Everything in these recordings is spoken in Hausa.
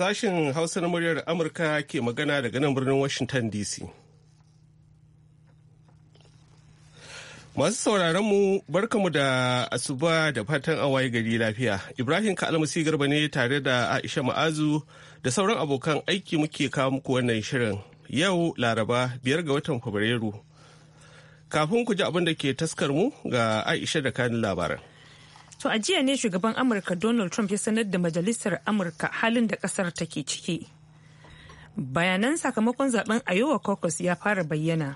Sashen Hausa na muryar Amurka ke magana daga nan birnin Washington DC. Masu sauraron mu barkamu da asuba da fatan awaye gari lafiya. Ibrahim Kalmasi Garba ne tare da Aisha Ma'azu da sauran abokan aiki muke kawo muku wannan shirin. Yau Laraba biyar ga watan Fabrairu. Kafin ku ji abin da ke taskar mu ga Aisha da kanin labaran. To a jiya ne shugaban Amurka Donald Trump ya sanar da Majalisar Amurka halin da kasar take ciki. Bayanan sakamakon zaben Ayowa caucus ya fara bayyana.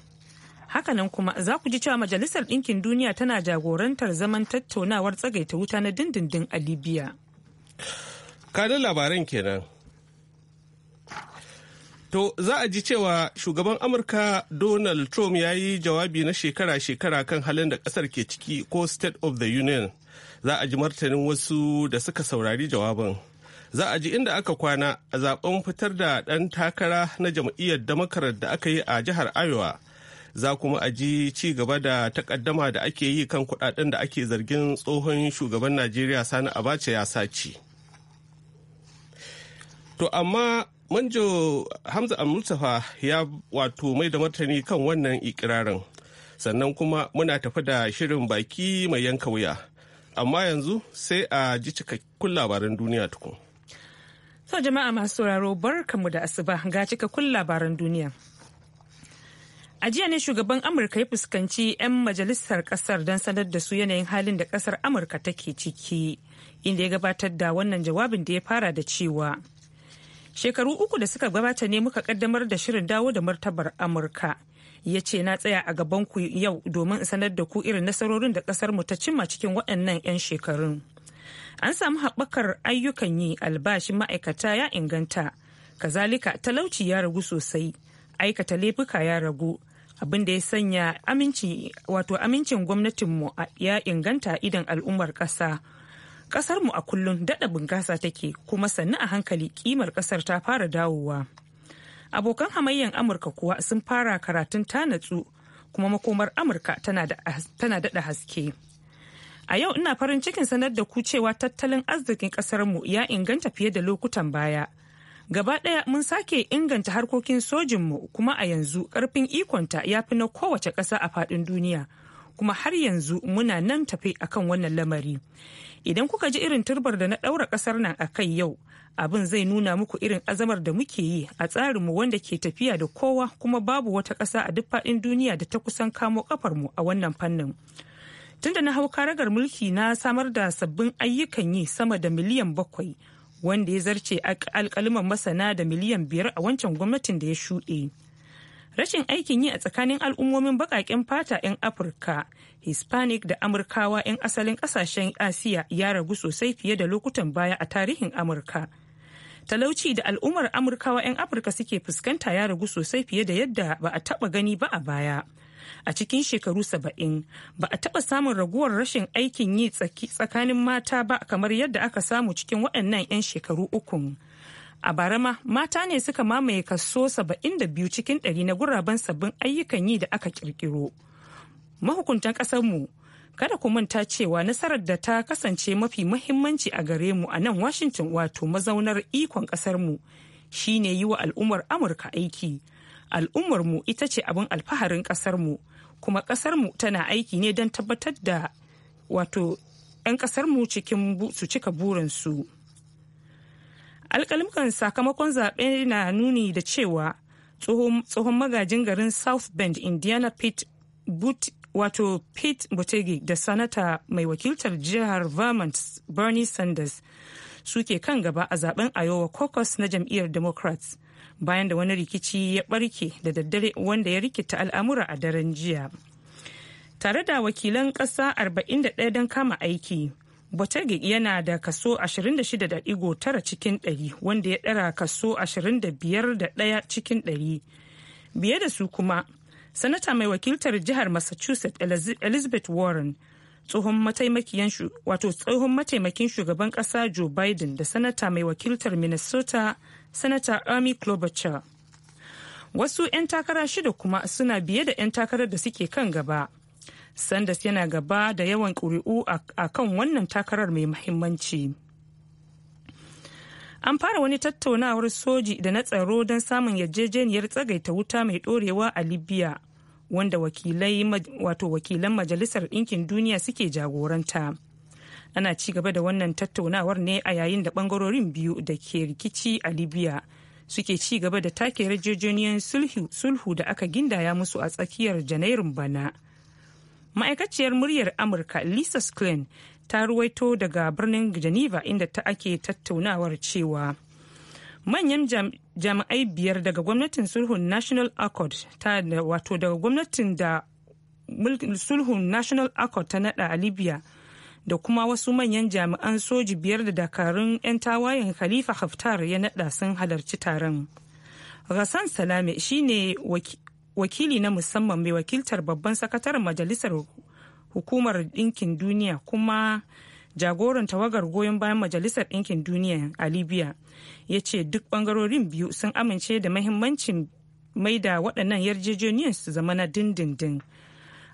Hakanan kuma za ku ji cewa Majalisar Ɗinkin Duniya tana jagorantar zaman tattaunawar tsagaita wuta na dindindin a Libya. Kanin labaran kenan. To za a ji cewa shugaban Amurka Donald Trump ya yi jawabi na shekara-shekara kan halin da ƙasar ke ciki ko State of the Union. Za a ji martanin wasu da suka saurari jawabin. Za a ji inda aka kwana a zaben fitar da ɗan takara na jam'iyyar damakarar da aka yi a jihar arewa Za kuma a ji ci gaba da takaddama da ake yi kan kuɗaɗen da ake zargin tsohon shugaban Najeriya Sani Abacha ya saci. To amma manjo hamza al-mustapha ya wato mai da martani kan wannan ikirarin sannan kuma muna tafi da shirin baki mai yanka wuya amma yanzu sai a ji cikakkun labaran duniya tukun. To jama'a masu sauraro barkamu da asuba ga cikakkun labaran duniya. A jiya ne shugaban Amurka ya fuskanci 'yan majalisar kasar don sanar da su yanayin halin da kasar Amurka take ciki, inda ya gabatar da wannan jawabin da ya fara da cewa. Shekaru uku da suka gabata ne muka kaddamar da shirin dawo da martabar Amurka. ya ce na tsaya a gaban ku yau domin in sanar da ku irin nasarorin da kasar mu ta cimma cikin waɗannan 'yan shekarun an samu haɓakar ayyukan yi albashin ma'aikata ya inganta kazalika talauci ya ragu sosai aikata laifuka ya ragu abin da ya sanya aminci wato amincin gwamnatinmu ya inganta idan al'ummar ƙasa ƙasarmu a kullum daɗa bunƙasa take kuma sannu a hankali kimar ƙasar ta fara dawowa. abokan hamayyan amurka kuwa sun fara karatun ta natsu kuma makomar amurka tana daɗa haske a yau ina farin cikin sanar da ku cewa tattalin arzikin ƙasarmu ya inganta fiye da lokutan baya gaba ɗaya mun sake inganta harkokin sojinmu kuma a yanzu ƙarfin ikonta ya fi na kowace ƙasa a faɗin duniya kuma har yanzu muna nan tafe akan wannan lamari idan kuka ji irin turbar da na ɗaura ƙasar nan a kai yau abin zai nuna muku irin azamar da muke yi a tsarinmu wanda ke tafiya da kowa kuma babu wata ƙasa a duk faɗin duniya da ta kusan kamo ƙafarmu a wannan fannin tunda na hau karagar mulki na samar da sabbin ayyukan yi sama da miliyan bakwai wanda ya zarce alƙaluman masana da miliyan biyar a wancan gwamnatin da ya shuɗe. rashin aikin yi a tsakanin al'ummomin baƙaƙen fata 'yan afirka hispanic da amurkawa 'yan asalin ƙasashen asiya ya ragu sosai fiye da lokutan baya a tarihin amurka talauci da al'ummar amurkawa 'yan afirka suke fuskanta ya ragu sosai fiye da yadda ba a taɓa gani ba a baya a cikin shekaru saba'in ba a taɓa samun raguwar rashin aikin yi tsakanin mata ba kamar yadda aka samu cikin waɗannan 'yan shekaru ukun. a bara ma mata ne suka mamaye kaso saba'in da biyu cikin ɗari na guraben sabbin ayyukan yi da aka ƙirƙiro mahukuntan mu kada ku manta cewa nasarar da ta kasance mafi mahimmanci a gare mu a nan washington wato mazaunar ikon ƙasar mu shine yi wa al'ummar amurka aiki al'ummar mu ita ce abin alfaharin ƙasar mu kuma mu tana aiki ne don tabbatar da wato 'yan mu cikin su cika burinsu. alkalimkan sakamakon zaɓe na nuni da cewa tsohon magajin garin south bend indiana pete but wato pete buttigieg da sanata mai wakiltar jihar vermont bernie sanders suke kan gaba a zaben iowa caucus na jam'iyyar democrats bayan da wani rikici ya barke da daddare wanda ya rikita al'amura a daren jiya tare da wakilan ƙasa 41 don kama aiki Botegi yana da kaso 26.9 cikin 100 wanda ya ɗara kaso 25.1 cikin 100. Biye da su kuma, Sanata mai wakiltar jihar Massachusetts Elizabeth Warren, tsohon mataimakin shugaban ƙasa Joe Biden da Sanata mai wakiltar Minnesota, Sanata Amy Klobuchar. Wasu 'yan takara shida kuma suna biye da 'yan takarar da suke kan gaba. sanders yana gaba da yawan ƙuri'u a kan wannan takarar mai muhimmanci. an fara wani tattaunawar soji da na tsaro don samun yarjejeniyar tsagaita wuta mai ɗorewa a libya wanda wakilai wato wakilan majalisar ɗinkin duniya suke jagoranta ana ci gaba da wannan tattaunawar ne a yayin da bangarorin biyu da ke rikici a libya suke ci gaba da take yarjejeniyar sulhu da aka gindaya musu a tsakiyar janairun bana ma'aikaciyar muryar amurka lisa klein ta ruwaito daga birnin geneva inda ta ake tattaunawar cewa manyan jami'ai biyar daga gwamnatin sulhun national accord ta da wato daga gwamnatin da sulhun national accord ta nada a libya da kuma wasu manyan jami'an soji biyar da dakarun 'yan tawayen khalifa haftar ya nada sun halarci taron rasan Salame shine wakili na musamman mai wakiltar babban sakataren majalisar hukumar dinkin duniya kuma jagoran tawagar goyon bayan majalisar ɗinkin duniya a libya ya ce duk ɓangarorin biyu sun amince da mahimmancin maida waɗannan yarjejeniyar su zama na dindindin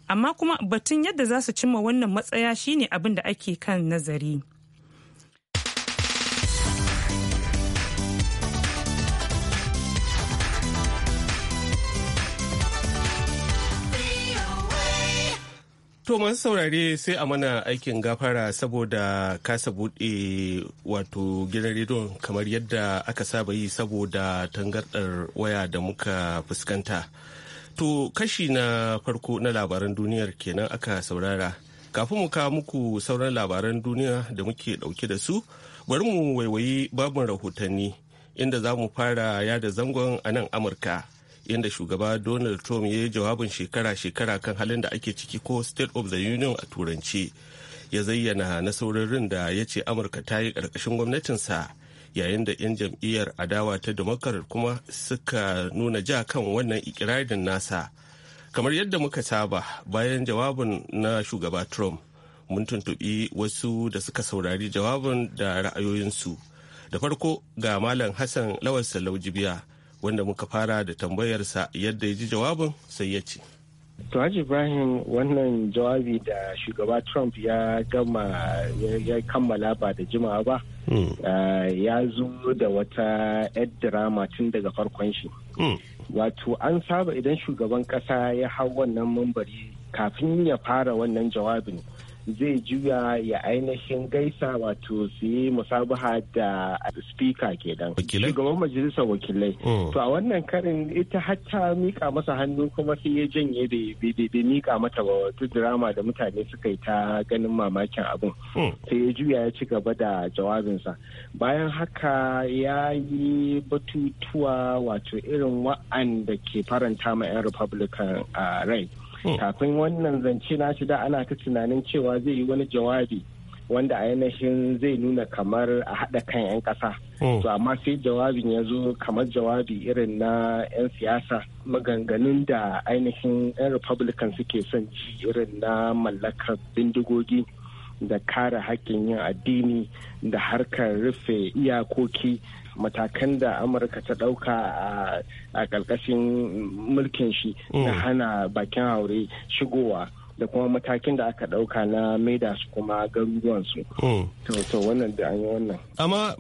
amma kuma batun yadda za su cimma wannan matsaya shine abin da ake kan nazari To masu saurare sai a mana aikin gafara saboda kasa buɗe wato gidan rediyon kamar yadda aka saba yi saboda tangarɗar waya da muka fuskanta. To kashi na farko na labaran duniyar kenan aka saurara. Kafin mu kawo muku sauran labaran duniya da muke ɗauke da su, bari mu waiwayi babin rahotanni inda za mu fara yada zangon a nan Amurka. inda shugaba donald trump ya yi jawabin shekara-shekara kan halin da ake ciki ko state of the union a turanci ya zayyana nasarorin da ya ce amurka ta yi ƙarƙashin gwamnatinsa yayin da 'yan jam'iyyar adawa ta damakar kuma suka nuna ja kan wannan ikirarin nasa kamar yadda muka saba bayan jawabin na shugaba trump mun tuntuɓi wasu da suka saurari jawabin da ra'ayoyinsu da farko ga malam hassan lawal jibiya wanda muka fara da tambayarsa yadda ya ji jawabin sai ya ce To Ibrahim wannan jawabi da shugaba Trump ya gama ya kammala ba da jimawa ba hmm. eh, ya zo da wata 'yar drama tun daga farkon shi. Hmm. Wato an saba idan shugaban ƙasa ya hau wannan mambari kafin ya fara wannan jawabin zai juya ya ainihin gaisa wato su yi musabaha da speaker kenan shugaban majalisar wakilai oh. to a wannan karin ita hatta mika masa hannu kuma sai ya janye da mika mata wato drama da mutane suka yi ta ganin mamakin abin oh. sai ya juya ya ci gaba da jawabinsa bayan haka ya yi batutuwa wato irin wa'anda ke faranta ma 'yan republican a ah, rai Hmm. kafin wannan zance na shi da ana ta tunanin cewa zai yi wani jawabi wanda a yanayin zai nuna kamar a haɗa kan 'yan ƙasa hmm. to amma sai jawabin ya zo kamar jawabi irin na 'yan siyasa maganganun da ainihin 'yan republican suke son ji irin na mallakar bindigogi da kare haƙƙin yin addini da harkar rufe iyakoki matakan da amurka ta ɗauka a ƙarƙashin mulkin shi na mm. hana bakin haure shigowa da kuma matakin da aka ɗauka na maida su kuma garuruwansu. Mm. To, wannan da an yi wannan. Amma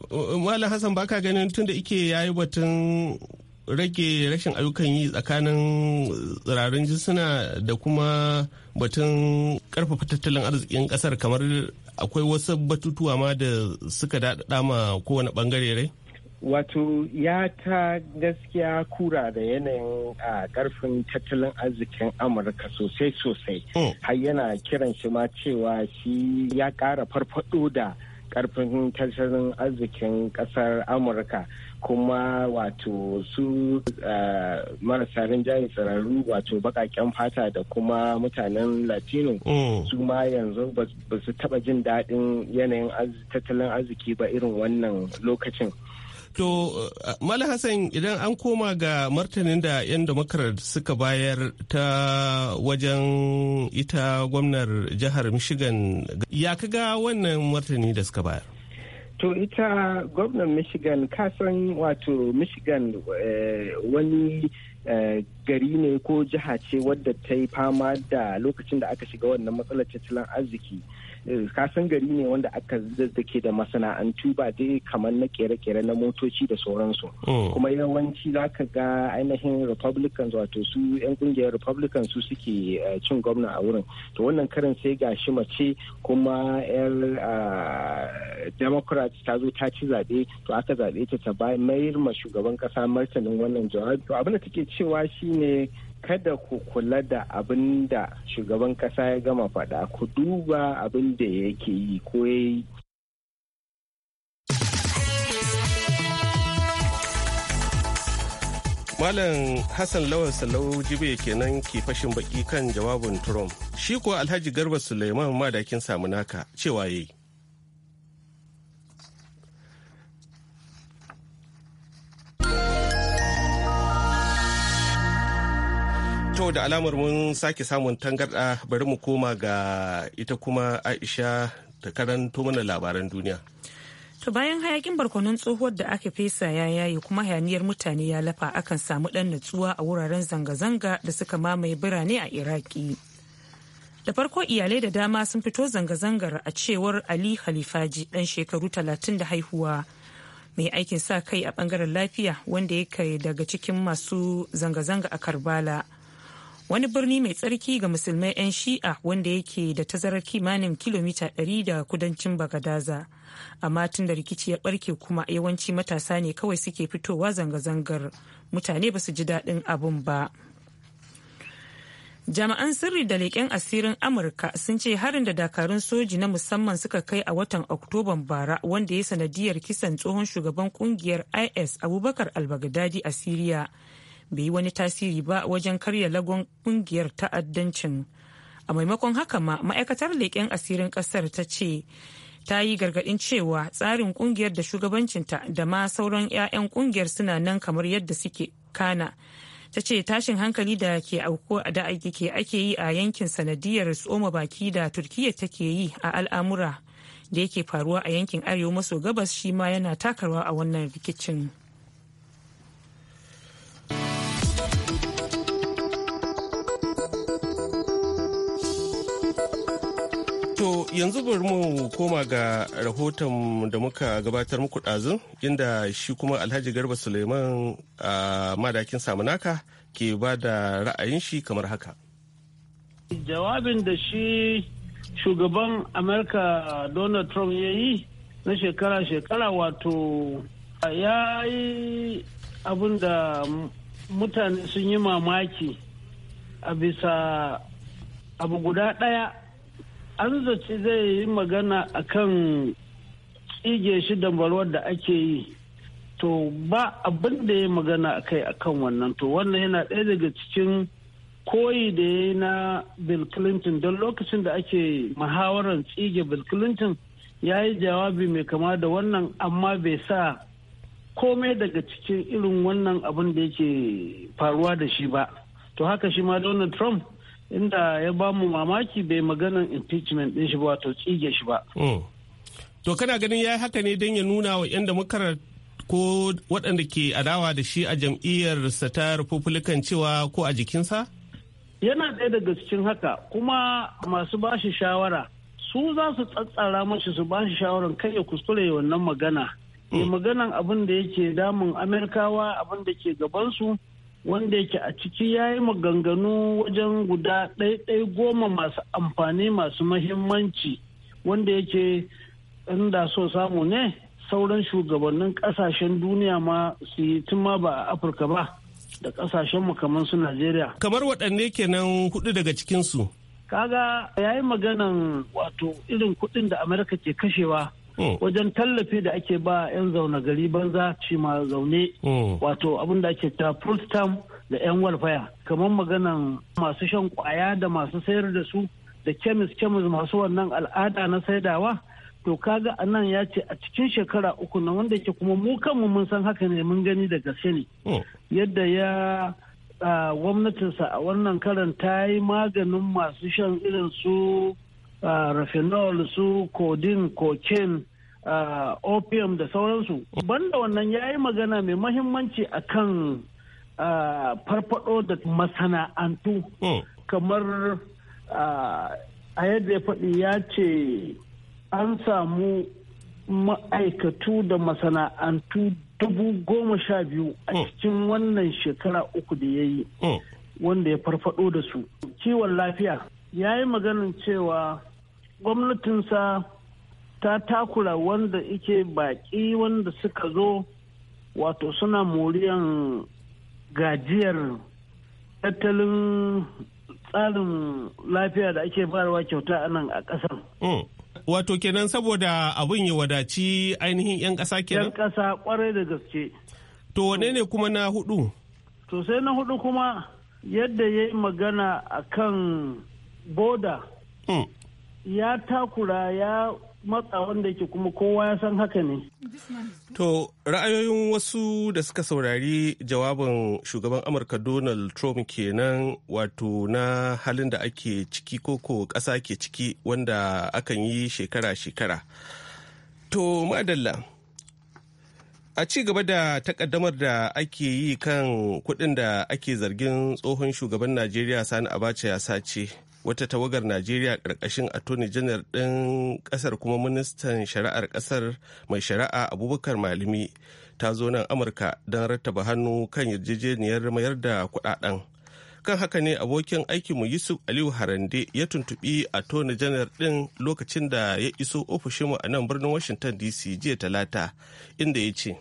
wala Hassan baka ganin tun da ike yayi batun rage rashin ayyukan yi tsakanin tsirarin jinsuna da kuma batun karfafa tattalin arzikin kasar kamar akwai wasu batutuwa ma da suka daɗaɗa ma kowane bangare rai? wato ya ta gaskiya kura da yanayin a karfin tattalin arzikin amurka sosai sosai hmm. har yana kiran shi ma cewa shi ya kara farfado da karfin tattalin arzikin kasar amurka kuma wato su marasa rinjaye tsararru wato bakaken fata da kuma mutanen latino hmm. su ma yanzu ba su taba jin daɗin yanayin tattalin arziki ba irin wannan lokacin To, Mala Hassan idan an koma ga martanin da 'yan Democrat suka bayar ta wajen ita gwamnar jihar Michigan, ya kaga wannan martani da suka bayar? To, ita gwamnan Michigan, kasan wato Michigan eh, wani eh, gari ne ko jiha ce wadda ta yi fama da lokacin da aka shiga wannan matsalar tattalin arziki Eh, kasan gari ne wanda aka zazzake da masana'antu ba dai kamar na kere-kere na motoci da sauransu hmm. kuma yawanci za ka ga ainihin republicans wato su 'yan kungiyar republican su suke eh, cin gwamna a wurin to wannan karin sai ga shi mace kuma 'yar eh, democrat ta zo ta ci zaɓe to aka zaɓe ta ta mayar ma shugaban ƙasa martanin wannan jawabi to abin da take cewa shine kada ku kula da abin da shugaban kasa ya gama faɗa ku duba abin da yake yi ko ya yi Malam Hassan Lawan Salau Jibe kenan ke fashin baki kan jawabin Trump. Shi kuwa Alhaji Garba Suleiman madakin samu naka, cewa yayi. to da alamar mun sake samun tangarɗa bari mu koma ga ita kuma aisha ta karanto mana labaran duniya To bayan hayakin barkonon tsohuwar da aka fesa ya yayi kuma hayaniyar mutane ya lafa akan samu dan natsuwa a wuraren zanga-zanga da suka mamaye birane a Iraki. Da farko iyalai da dama sun fito zanga-zangar a cewar Ali Khalifaji dan shekaru talatin da haihuwa mai aikin sa kai a bangaren lafiya wanda ya kai daga cikin masu zanga-zanga a Karbala. wani birni mai tsarki ga musulmai 'yan shi'a wanda yake da tazarar kimanin kilomita 100 da kudancin bagadaza amma tun da rikici ya barke kuma yawanci matasa ne kawai suke fitowa zanga-zangar mutane ba su ji daɗin abun ba jami'an sirri da leƙen asirin amurka sun ce harin da dakarun soji na musamman suka kai a watan oktoban bara wanda ya sanadiyar kisan tsohon shugaban kungiyar is abubakar albagdadi a siriya bai yi wani tasiri ba wajen karya lagon kungiyar ta'addancin a maimakon haka ma ma'aikatar leƙen asirin ƙasar ta ce ta yi gargaɗin cewa tsarin kungiyar da shugabancinta da ma sauran 'ya'yan kungiyar suna nan kamar yadda suke kana ta ce tashin hankali da ke auko da ake ake yi a yankin sanadiyar tsoma baki da turkiyya take yi a al'amura da yake faruwa a yankin arewa maso gabas shi ma yana takarwa a wannan rikicin. yanzu bari mu koma ga rahoton da muka gabatar muku ɗazu inda shi kuma alhaji garba suleiman a madakin samunaka ke ba da ra'ayin shi kamar haka jawabin da shi shugaban amurka donald trump ya yi na shekara-shekara wato ya yi abin da mutane sun yi mamaki a bisa abu guda ɗaya an zaci zai yi magana akan tsige shi da barwar da ake yi to ba abin da ya magana a kai akan wannan to wannan yana ɗaya daga cikin koyi da ya yi na bill clinton don lokacin da ake muhawarar tsige bill clinton ya yi jawabi mai kama da wannan amma bai sa komai daga cikin irin wannan abin da yake faruwa da shi ba to haka shi ma donald trump inda ya ba mu mamaki bai maganan impeachment din shi ba wato tsige shi ba. Oh. To kana ganin ya yi haka ne don ya nuna wa 'yan damakarar ko waɗanda ke adawa da shi a jam'iyyarsa ta Republican cewa ko a jikinsa? Yana ɗaya daga cikin haka kuma masu bashi shawara su za su tsatsara mashi su bashi shawaran kai ya kuskure wannan magana. Mm. maganan abin da yake damun Amerikawa abin da ke gabansu wanda yake a ciki ya yi maganganu wajen guda ɗaiɗai goma masu amfani masu mahimmanci wanda yake inda so samu ne sauran shugabannin ƙasashen duniya ma su yi tuma ba a afirka ba da ƙasashen kamar su najeriya kamar waɗanne kenan hudu daga cikinsu kaga ya yi maganan wato irin kuɗin da amurka ke kashewa Hmm. wajen tallafi da ake ba 'yan zaune gari banza ci ma zaune hmm. wato abin da ake ta full da 'yan walfaya kamar maganan masu shan kwaya da masu sayar da su da kemis kemis masu wannan al'ada na saidawa to kaga anan ya ce a cikin shekara uku na wanda ke kuma mu kanmu mun san haka ne mun gani da gaske ne hmm. yadda ya gwamnatinsa a wannan karan ta yi maganin masu shan irin su rafinol su kodin cocaine opium da sauransu banda wannan ya yi magana mai mahimmanci akan farfado da masana'antu oh. kamar a yadda ya faɗi ya ce an samu ma'aikatu da masana'antu dubu goma sha biyu a oh. cikin wannan shekara uku da ya yi oh. wanda ya farfado da su kiwon lafiya ya yi maganin cewa gwamnatinsa ta takura wanda ike baƙi wanda suka zo wato suna moriyan gajiyar tattalin tsarin lafiya da ake bayarwa kyauta a nan a ƙasar. Hmm. Wato kenan saboda abin ya wadaci ainihin 'yan ƙasa kenan? 'Yan ƙasa kwarai da gaske. To wane ne kuma na hudu? To sai na hudu kuma yadda ya yi magana a kan boda hmm. ya takura ya matsa wanda yake kuma kowa ya san haka ne. To ra'ayoyin wasu da suka saurari jawabin shugaban Amurka Donald Trump kenan wato na halin da ake ciki koko ƙasa ke ciki wanda akan yi shekara-shekara. To madalla. A ci gaba da takaddamar da ake yi kan kuɗin da ake zargin tsohon shugaban Najeriya Sani Abacha ya sace. wata tawagar najeriya ƙarƙashin attorney general ɗin ƙasar kuma ministan shari'ar ƙasar mai shari'a abubakar malami ta zo nan amurka don rattaba hannu kan yarjejeniyar mayar da kuɗaɗen kan haka ne abokin aikinmu yusuf aliyu harande ya tuntuɓi attorney janar ɗin lokacin da ya iso ofishinmu a nan birnin washington dc jiya talata inda ya ce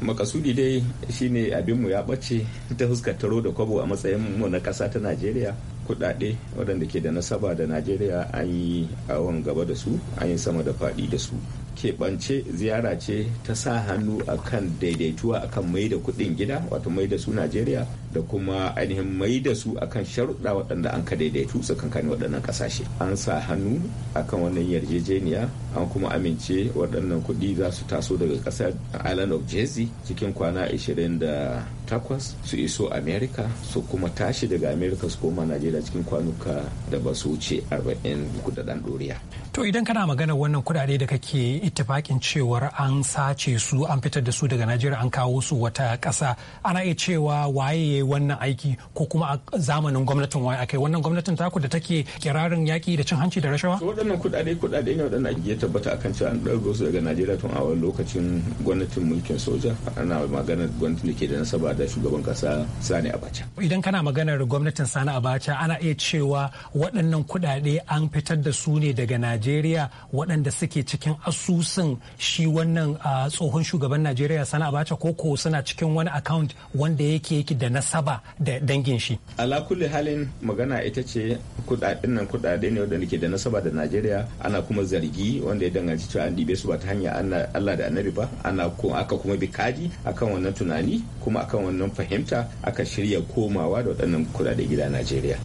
makasudi dai shine abinmu ya ɓace ta huskar taro da kwabo a matsayin mu na ƙasa ta najeriya kudade waɗanda ke da nasaba da najeriya an yi awon gaba da su an yi sama da faɗi da su keɓance ziyara ce ta sa hannu a kan daidaituwa a kan mai da kuɗin gida wato mai da su najeriya da kuma ainihin mai da su a kan sharuɗa waɗanda an ka daidaitu tsakankanin waɗannan ƙasashe an sa hannu a kan wannan yarjejeniya an kuma amince waɗannan kuɗi za su taso daga ƙasar island of jersey cikin kwana 28 su iso america su kuma tashi daga america su koma najeriya cikin kwanuka da ba su wuce 40 kudaden ɗoriya to idan kana magana wannan kuɗaɗe da kake ittifakin cewar an sace su an fitar da su daga najeriya an kawo su wata kasa ana iya cewa waye ya wannan aiki ko kuma a zamanin gwamnatin waye akai wannan gwamnatin taku da take kirarin yaki da cin hanci da rashawa to waɗannan kuɗaɗe kuɗaɗe ne waɗanda ake tabbata akan cewa an ɗago su daga najeriya tun a lokacin gwamnatin mulkin soja ana maganar gwamnatin da ke da nasaba da shugaban kasa sani abacha idan kana maganar gwamnatin sani abacha ana iya cewa waɗannan kuɗaɗe an fitar da su ne daga najeriya waɗanda suke cikin asu Su sun shi wannan tsohon shugaban najeriya sana abacha koko suna cikin wani account wanda yake yake da nasaba da dangin shi ala kulli halin magana ita ce kudaden nan kudade ne wanda ke da nasaba da najeriya ana kuma zargi wanda ya danganci cewa an dibe su ba ta hanya allah da annabi ba ana aka kuma bi kadi akan wannan tunani kuma akan wannan fahimta aka shirya komawa da waɗannan kudade gida najeriya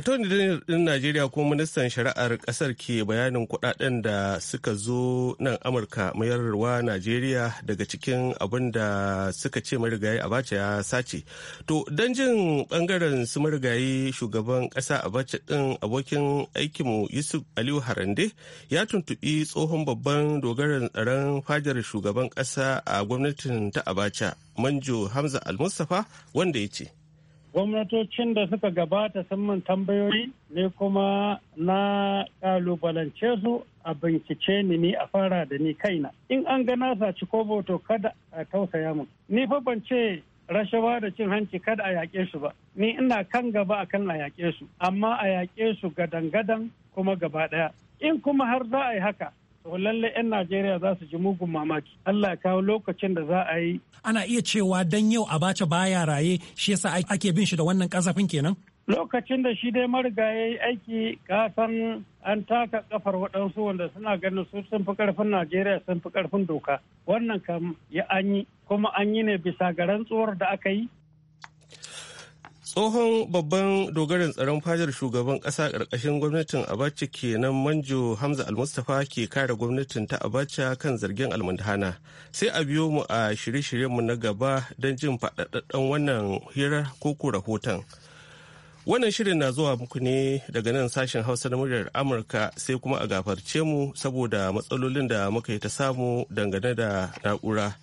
tony general din najeriya kuma ministan shari'ar kasar ke bayanin kudaden da suka zo nan amurka mayarwa najeriya daga cikin abin da suka ce marigayi abacha ya sace to don jin bangaren su marigayi shugaban kasa abacha din abokin aikinmu yusuf aliyu harande ya tuntubi tsohon babban dogaren tsaron fajar shugaban kasa a gwamnatin ta abacha manjo hamza al-mustapha wanda ya ce gwamnatocin da suka gabata sun min tambayoyi ne kuma na kalubalance su a bincike ni ni a fara da ni kaina in an ga na saci kobo to kada a tausaya mun ni fa ban ce rashawa da cin hanci kada a yaƙe su ba ni ina kan gaba a kan a yaƙe su amma a yaƙe su gadan-gadan kuma gaba ɗaya in kuma har za a yi haka to lalle 'yan Najeriya za su ji mugun mamaki. Allah ya kawo lokacin da za a yi. Ana iya cewa dan yau a Abacha baya raye shi yasa ake bin shi da wannan kasafin kenan? Lokacin da shi dai mariga ya yi aiki kasan an taka kafar waɗansu wanda suna ganin su sun fi ƙarfin Najeriya sun fi ƙarfin doka. Wannan kam ya an yi kuma an yi ne bisa ga rantsuwar da aka yi tsohon babban dogaren tsaron fadar shugaban ƙasa karkashin gwamnatin abacha kenan manjo hamza almustafa ke kare gwamnatin ta abacha kan zargin almundana sai a biyo mu a shirye-shiryenmu na gaba don jin faɗaɗɗen wannan hirar ku rahoton wannan shirin na zuwa muku ne daga nan sashen hausa na muryar amurka sai kuma a gafarce mu saboda matsalolin da muka yi ta samu dangane da na'ura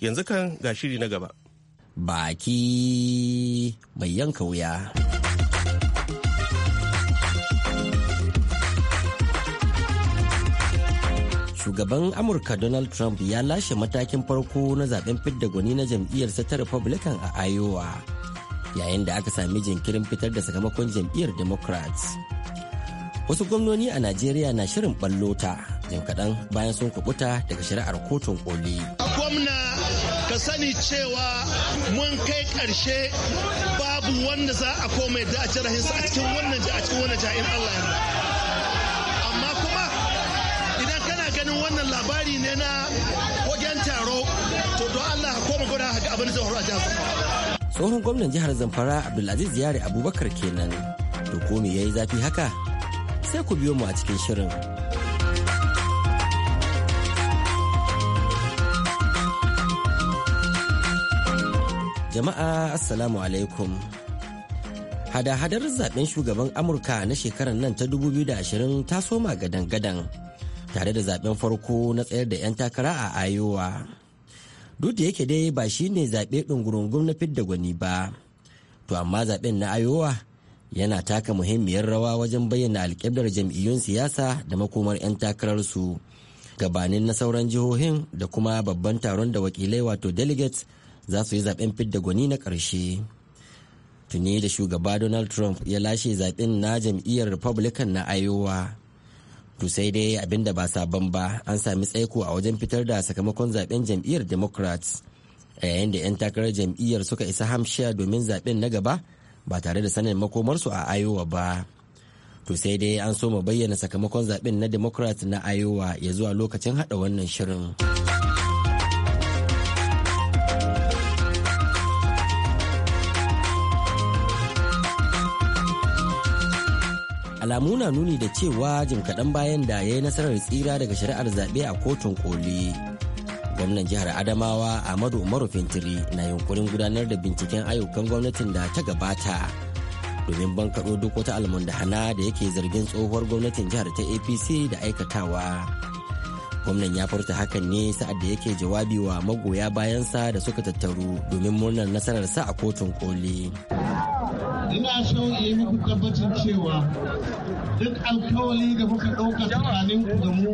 yanzu kan ga shiri na gaba baki mai yanka wuya. Shugaban Amurka Donald Trump ya lashe matakin farko na zaben fidda gwani na jam'iyyarsa ta Republican a Iowa, yayin da aka sami jinkirin fitar da sakamakon jam'iyyar Democrats. Wasu gwamnoni a Najeriya na shirin ballota jim kaɗan bayan sun kubuta daga shari'ar kotun koli. Gwamna ka sani cewa mun kai ƙarshe babu wanda za a komai da a a cikin wannan a cikin wannan ja'in Allah amma kuma idan kana ganin wannan labari ne na wajen taro to don Allah koma guda haka abin da zai a jihar tsohon gwamnan jihar zamfara abdulaziz yare abubakar kenan to ko me yayi zafi haka sai ku biyo mu a cikin shirin Jama'a Assalamu alaikum. Hada-hadar zaben shugaban Amurka na shekarar nan ta 2020 ta soma gadan-gadan tare da zaben farko na tsayar da 'yan takara a ayowa. Duk da yake dai ba shi ne zaɓe ɗungurungun na fidda gwani ba. To amma zaben na ayowa yana taka muhimmiyar rawa wajen bayyana alƙiblar jam'iyyun siyasa da makomar 'yan takararsu. gabanin na sauran jihohin da kuma babban taron da wakilai wato delegates za su yi zaben fidda gwani na ƙarshe tuni da shugaba donald trump ya lashe zaben na jam'iyyar republican na iowa to sai dai abinda ba sabon ba an sami tsaiko a wajen fitar da sakamakon zaben jam'iyyar democrats a yayin da 'yan takarar jam'iyyar suka isa hampshire domin zaben na gaba ba tare da sanin makomarsu a iowa ba to sai dai an so mu bayyana sakamakon zaben na democrats na iowa ya zuwa lokacin hada wannan shirin alamu na nuni da cewa jim kaɗan bayan da ya yi nasarar tsira daga shari'ar zaɓe a kotun koli gwamnan jihar adamawa ahmadu umaru fintiri na yunkurin gudanar da binciken ayyukan gwamnatin da ta gabata domin bankaɗo duk wata almundahana da yake zargin tsohuwar gwamnatin jihar ta apc da aikatawa gwamnan ya furta hakan ne sa'ad da yake jawabi wa magoya bayansa da suka tattaru domin murnar nasararsa a kotun koli ina so yi muku tabbacin cewa duk alkawali da muka ɗauka tsakanin ku da mu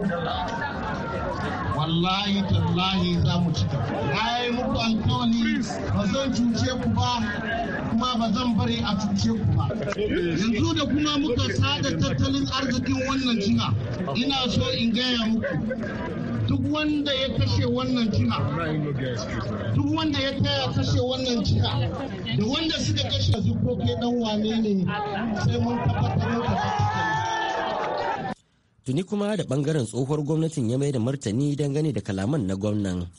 wallahi tallahi za mu cika ya yi muku alkawali ba zan cuce ku ba kuma ba zan bari a cuce ku ba yanzu da kuma muka sada tattalin arzikin wannan jiha ina so in gaya muku duk wanda ya kashe wannan jiha duk wanda ya taya kashe wannan jiha da wanda suka kashe zukoke dan wane ne sai mun tabbatar da tuni kuma da bangaren tsohuwar gwamnatin ya mai da martani dangane da kalaman na gwamnan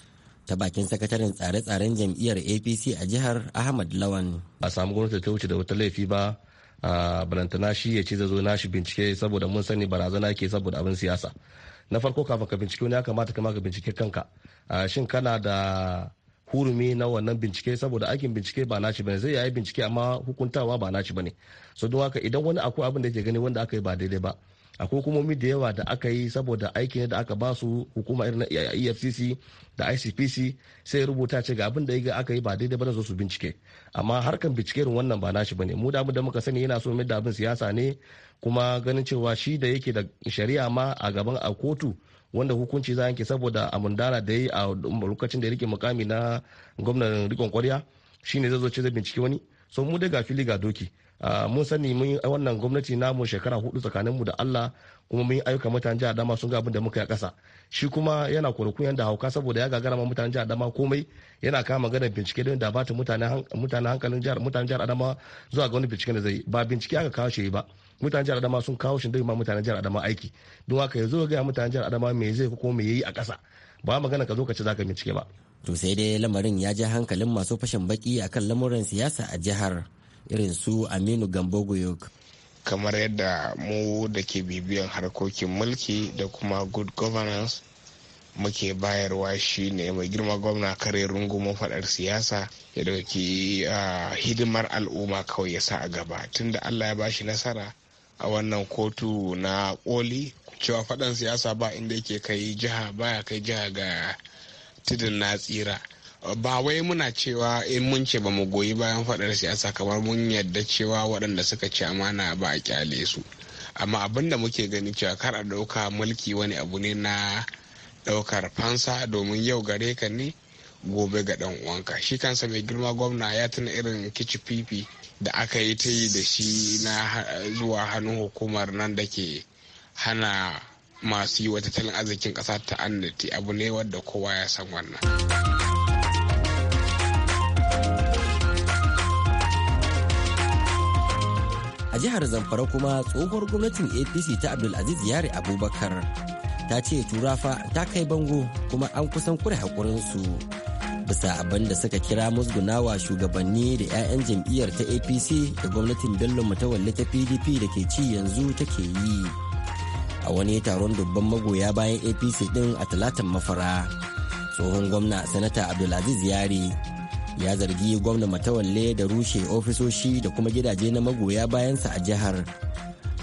ta bakin sakataren tsare-tsaren jam'iyyar apc a jihar ahmad lawan a samu gwamnati ta wuce da wata laifi ba a balantana shi ya ce zazo shi bincike saboda mun sani barazana ke saboda abin siyasa na farko kafin ka bincike wani ya kamata ma ka bincike kanka shin kana da hurumi na wannan bincike saboda aikin bincike ba naci bane zai yayi bincike amma hukuntawa ba naci bane so don haka idan wani akwai abin da yake gani wanda aka yi ba daidai ba akwai hukumomi da yawa da aka yi saboda aikin da aka ba su hukuma irin efcc e da icpc sai rubuta ce ga abin da ya aka yi ba daidai ba zo su bincike amma harkan bincike wannan ba nashi bane mu damu da muka sani yana so mai da abin siyasa ne kuma ganin cewa shi da yake da shari'a ma a gaban a kotu wanda hukunci za yanke saboda amundana da ya yi a lokacin da ya rike mukami na gwamnan rikon kwarya shine zai zo ce zai bincike wani so mu dai ga fili ga doki mun sani mun yi wannan gwamnati namu shekara hudu tsakanin mu da Allah kuma mun yi ayyuka mutanen jihar dama sun ga abin da muka yi kasa shi kuma yana kurkun yanda hauka saboda ya gagara ma mutanen jihar dama komai yana kama magana bincike don da ba ta mutanen hankalin jihar mutanen jihar Adama zuwa ga wani bincike da zai ba bincike aka kawo shi ba mutane jihar adama sun kawo shi ma mutanen jihar adama aiki don haka ya zo ya mutanen jihar adama me zai ko me yayi a kasa ba magana ka zo ka ci zaka bincike ba to sai dai lamarin ya ji hankalin masu fashin baki akan lamuran siyasa a jihar irin su aminu gambo goyok kamar yadda mu da ke bibiyan harkokin mulki da kuma good governance muke bayarwa shi ne mai girma gwamna kare rungumin fadar siyasa ya dauki ah, hidimar al'umma kawai ya sa a gaba tunda allah ya bashi nasara a wannan kotu na koli cewa faɗan siyasa ba inda yake kai jiha baya kai jiha ga tudun na tsira ba wai muna cewa in mun ce ba mu goyi bayan faɗar siyasa kamar mun yadda cewa waɗanda suka ci amana ba a kyale su amma abin da muke gani cewa kar a ɗauka mulki wani abu ne na ɗaukar fansa domin yau gare ka ne gobe ga ɗan uwanka shi kansa mai girma gwamna ya tuna irin kici fifi da aka yi ta yi da shi na zuwa hannun hukumar nan da ke hana masu yi wata tattalin arzikin ƙasa ta annati abu ne wadda kowa ya san wannan. A jihar Zamfara kuma tsohuwar gwamnatin APC ta Abdulaziz Yari Abubakar ta ce turafa ta kai bango kuma an kusan kure haƙurinsu. su. bisa abin da suka kira musgunawa shugabanni da 'ya'yan jam'iyyar ta apc da gwamnatin bello Matawalle ta pdp da ke ci yanzu take yi a wani taron dubban magoya bayan apc din a talatan mafara tsohon gwamna sanata abdulaziz yari ya zargi gwamna matawalle da rushe ofisoshi da kuma gidaje na magoya bayansa a jihar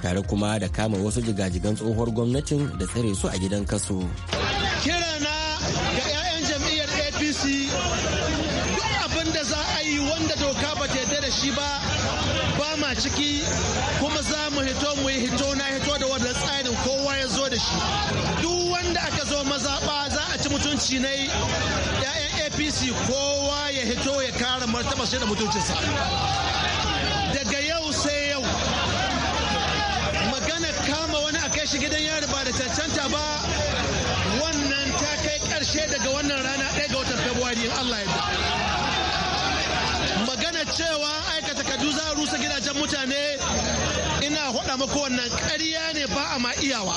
tare kuma da kama wasu jigajigan tsohuwar gwamnatin da tsare su a gidan kaso. da shi ba ba ma ciki kuma za mu hito mu yi hito na hito da wannan tsarin kowa ya zo da shi duk wanda aka zo mazaɓa za a ci mutunci na ya'yan apc kowa ya hito ya kara martaba shi da mutuncinsa daga yau sai yau magana kama wani a kai shi gidan yari ba da cancanta ba wannan ta kai ƙarshe daga wannan rana ɗaya ga watan februari in allah ya cewa aikata takardu za a rusa gidajen mutane ina hada mako wannan ƙarya ne ba a ma iyawa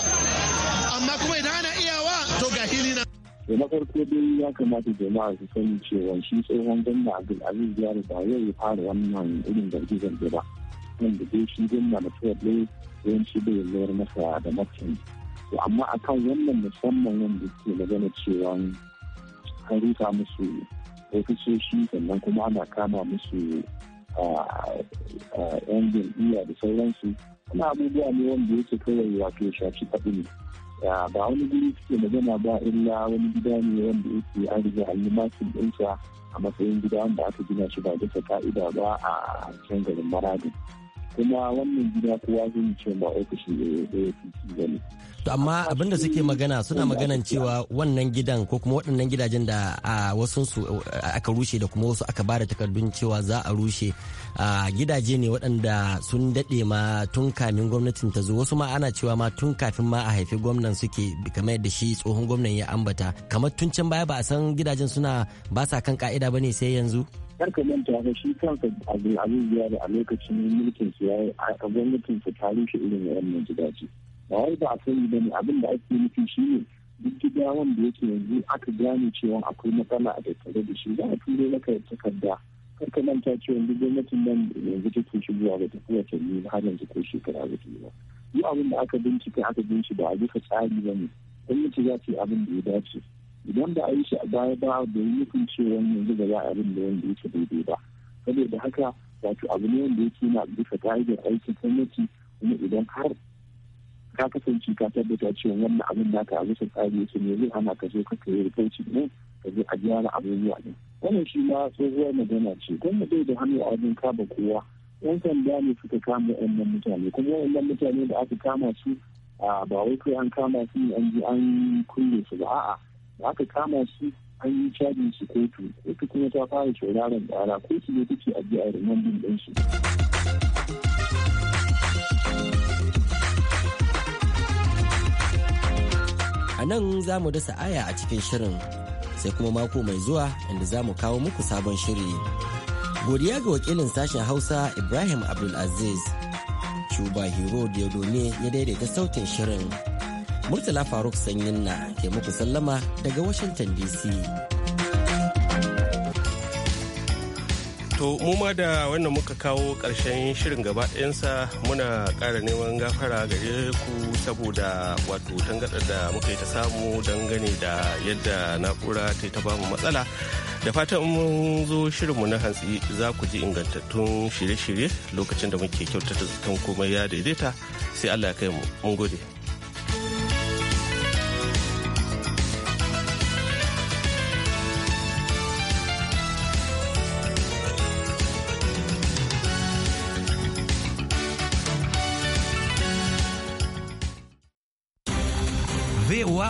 amma kuma idan ana iyawa to ga hili na da na farko dai ya kamata jama'a su sani cewa shi tsohon gwamna abdulaziz ya ba ya yi fara wannan irin zarge-zarge ba da dai shi gwamna na tuwa dai yawanci bai layar masa da martani to amma akan wannan musamman wanda ke magana cewa an rusa musu ofisoshi sannan kuma ana kama musu yan jam'iyya da sauransu kuma abubuwa ne wanda yake kawai wato shafi faɗi ne ba wani guri suke magana ba illa wani gida ne wanda yake an riga an yi makin ɗinsa a matsayin gida wanda aka gina shi ba bisa ka'ida ba a can garin maradin kuma wannan gida kowa zai yi cewa ofishin AFCC ba ne. To amma abinda suke magana suna maganan cewa wannan gidan ko kuma waɗannan gidajen da a wasu su aka rushe da kuma wasu aka bada takardun cewa za a rushe gidaje ne waɗanda sun daɗe ma tun kamin gwamnatin ta zo wasu ma ana cewa ma tun kafin ma a haifi gwamnan suke kamar yadda shi tsohon gwamnan ya ambata kamar tun can baya ba a san gidajen suna ba sa kan ka'ida ba ne sai yanzu. karka manta ba shi kansa abu ya da a lokacin mulkin su ya yi a gwamnatin su ta rushe irin wannan ce ba wai ba a sani ba ne abin da ake nufi shi ne duk gida wanda yake yanzu aka gane cewa akwai matsala a tattare da shi za a turo maka takarda karka manta cewa duk gwamnatin nan yanzu ta tushe zuwa ba ta kowace ne har yanzu ko shekara ba ta yi ba duk abin da aka bincika aka bincika a bisa tsari ba ne gwamnati za ta yi abin da ya dace idan da a shi a baya ba yi nufin cewa yanzu ba za a rin da wanda yake daidai ba saboda haka wato abu ne wanda yake na bisa ka'idar aikin gwamnati kuma idan har ka kasance ka tabbata cewa wannan abin da a abisa tsari yake ne zai hana ka zo ka kai rikauci ne ka zo a gyara abubuwa ne wannan shi ma tsohuwar magana ce gwamnati bai da hannu a wajen kaba kowa yan sanda ne suka kama wannan mutane kuma wannan mutane da aka kama su ba wai kai an kama su ne an ji an kulle su ba a'a da aka kama su an yi cajin su kotu kotu kuma ta fara sauraron tsara kotu ne take ajiye a rimandin ɗin su. a nan za mu dasa aya a cikin shirin sai kuma mako mai zuwa inda za mu kawo muku sabon shiri godiya ga wakilin sashen hausa ibrahim abdulaziz Shuba hero diodone ya daidaita sautin shirin Murtala Faruk Sanyin na ke muku sallama daga Washington DC. To mu ma da wannan muka kawo ƙarshen shirin gaba ɗayansa muna ƙara neman gafara gare ku saboda wato tangaɗar da muka yi ta samu dangane da yadda na'ura ta ta bamu matsala. Da fatan mun zo shirinmu na hantsi za ku ji ingantattun shirye-shirye lokacin da muke kyautata zaton komai ya daidaita sai Allah ya kai mu mun gode.